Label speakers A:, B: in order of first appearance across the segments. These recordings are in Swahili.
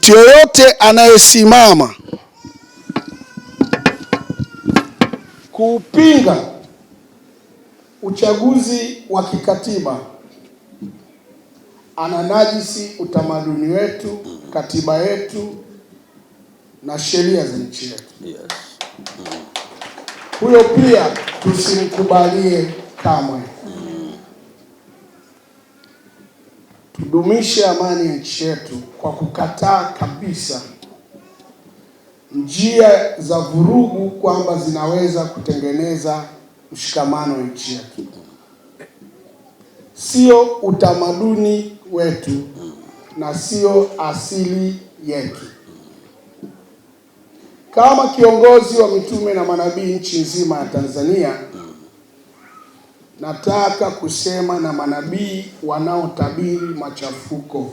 A: Mtu yoyote anayesimama kuupinga uchaguzi wa kikatiba ananajisi utamaduni wetu, katiba yetu na sheria za nchi yetu. Yes. Mm. Huyo pia tusimkubalie kamwe. tudumishe amani ya nchi yetu kwa kukataa kabisa njia za vurugu kwamba zinaweza kutengeneza mshikamano wa nchi yetu. Sio utamaduni wetu na sio asili yetu. Kama kiongozi wa mitume na manabii nchi nzima ya Tanzania nataka kusema na manabii wanaotabiri machafuko.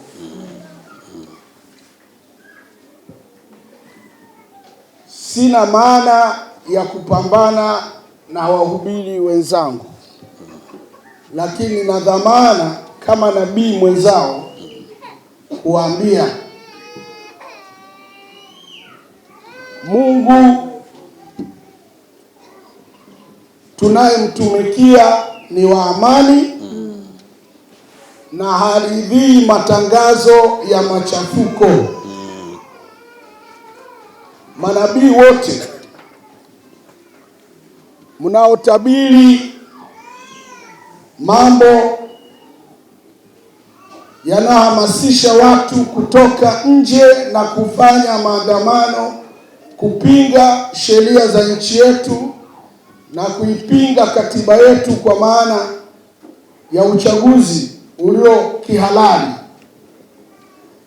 A: Sina maana ya kupambana na wahubiri wenzangu, lakini na dhamana kama nabii mwenzao kuambia Mungu tunayemtumikia ni wa amani na haridhii matangazo ya machafuko Manabii wote mnaotabiri mambo yanayohamasisha watu kutoka nje na kufanya maandamano kupinga sheria za nchi yetu na kuipinga katiba yetu kwa maana ya uchaguzi ulio kihalali,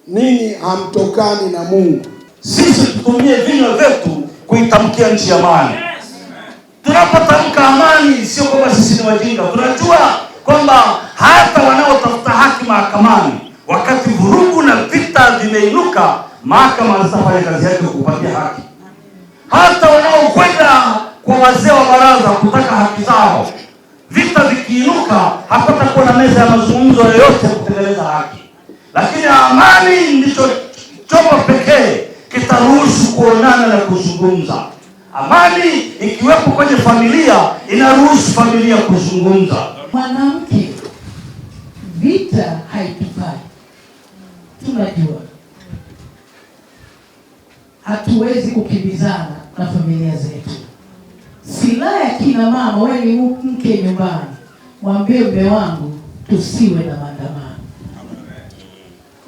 A: ninyi hamtokani na Mungu.
B: Sisi tutumie vinywa vyetu kuitamkia nchi ya amani. Tunapotamka amani, sio kwamba sisi ni wajinga. Tunajua kwamba hata wanaotafuta haki mahakamani, wakati vurugu na vita vimeinuka, mahakama zitafanya kazi yake kupata kwa wazee wa baraza kutaka haki zao. Vita vikiinuka, hakutakuwa na meza ya mazungumzo yoyote ya kutengeneza haki, lakini amani ndicho chombo pekee kitaruhusu kuonana na kuzungumza. Amani ikiwepo kwenye familia, inaruhusu familia kuzungumza.
C: Mwanamke, vita haitufai, tunajua hatuwezi kukimbizana na familia zetu. Silaha ya kina mama, wewe ni mke nyumbani, mwambie mume wangu tusiwe na maandamano,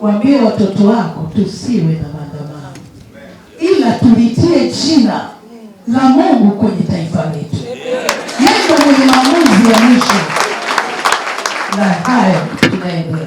C: mwambie watoto wako tusiwe na maandamano, ila tulitie jina la Mungu kwenye taifa letu. Yeye ndiye mwenye maamuzi ya mwisho na hayo tunaendelea